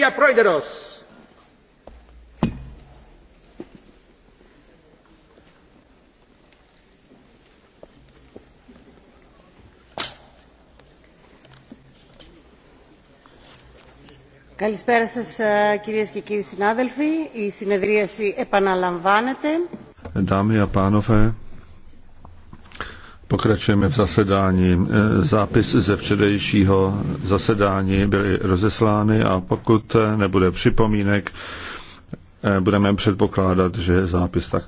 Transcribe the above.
Pia Proideros. Καλησπέρα σας κυρίες και κύριοι συνάδελφοι. Η συνεδρίαση επαναλαμβάνεται. Dámy a pánové, Pokračujeme v zasedání. Eh, zápis ze včerejšího zasedání byly rozeslány a pokud eh, nebude připomínek, eh, budeme předpokládat, že zápis tak.